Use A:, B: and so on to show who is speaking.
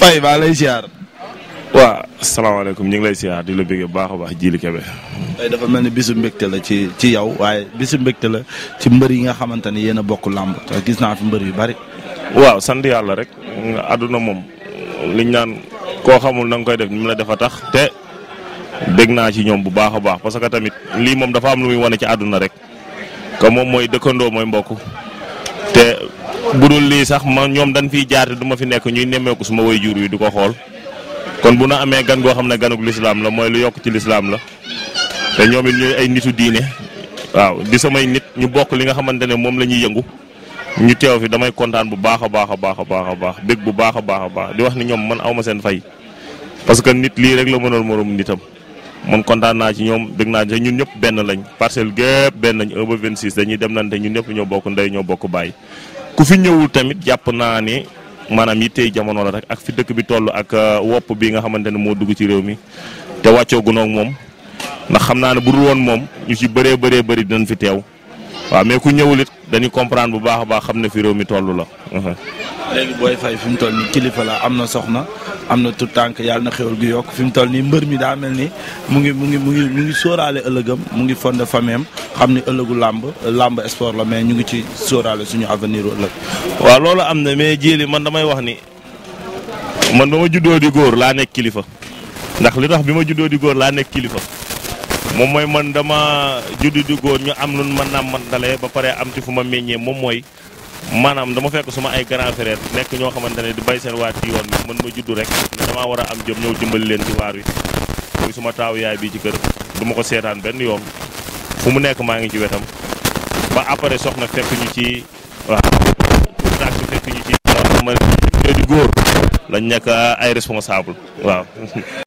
A: Faye baa lay ziar. waaw salaamaaleykum ñu ngi lay ziar di la bëggee bu baax a baax Djily Kébé. dafa mel ni bisu mbégte la ci ci yow waaye bisu mbégte la ci mbër yi nga xamante ni yéen a bokk làmb te gis naa fi mbër yu bari. waaw sant yàlla rek. àdduna moom liñ naan koo xamul na koy def ni
B: mu la dafa tax te dégg naa ci ñoom bu baax a baax parce que tamit lii moom dafa am lu muy wane ci àdduna rek que mooy dëkkandoo mooy mbokk te. bu dul lii sax ma ñoom dañ fiy jaarte du ma fi nekk ñuy nemmeeku suma way jur wi du ko xool kon bu na amee gan goo xam ne ganuk lislaam la mooy lu yokk ci lislaam la te ñoom it ay nitu diine waaw di samay nit ñu bokk li nga xamante ne moom la ñuy yëngu ñu teew fi damay kontaan bu baax a baax a baax a baax a baax bég bu baax a baax a baax di wax ni ñoom man awma seen fay parce que nit lii rek la mënoon moroom nitam man kontaan naa ci ñoom bég naa ci ñun ñëpp benn lañ parcelle gépp benn lañ 1 ba 26 dañuy dem nante ñun ñëpp ñoo bokk ndey ñoo bokk bàyyi ku fi ñëwul tamit jàpp naa ni maanaam yi tey jamono la rek ak fi dëkk bi toll ak uh, wopp bi nga xamante ne moo dugg ci réew mi te wàccoo gunóog moom ndax xam naa ne bu dul woon moom ñu ci bëree bëree bëri dinañ fi teew waaw mais ku ñëwul it dañu comprendre bu baax a baax xam ne fi réew mi tollu la.
A: léegi Boy Faye fi mu toll nii kilifa la am na soxna am na tout tànk yàlla na xéwal gu yokk fi mu toll nii mbër mi daa mel ni mu ngi mu ngi mu ngi mu ngi sóoraale ëllëgam mu ngi fonde famille xam ni ëllëgu làmb làmb sport la mais ñu ngi ci sóoraale suñu avenir ëllëg. waaw loolu am na mais jéeli man damay wax ni man ba ma juddoo di góor laa nekk kilifa
B: ndax li tax bi ma juddoo di góor laa nekk kilifa. moom mooy man dama juddi di góor ñu am lu ma nàmmantalee ba pare am ci fu ma meññee moom mooy maanaam dama fekk suma ay grand frère nekk ñoo xamante ne di bay seen waat ci yoon bi man ma juddu rek ne damaa war a am jëm ñëw dimbali leen ci waar wi muy yaay bi ci kër du ma ko seetaan benn yoon fu mu nekk maa ngi ci wetam ba après soxna fekk ñu ci waaw tax fekk ñu ci loo xam ne di góor lañ nekk ay responsable waaw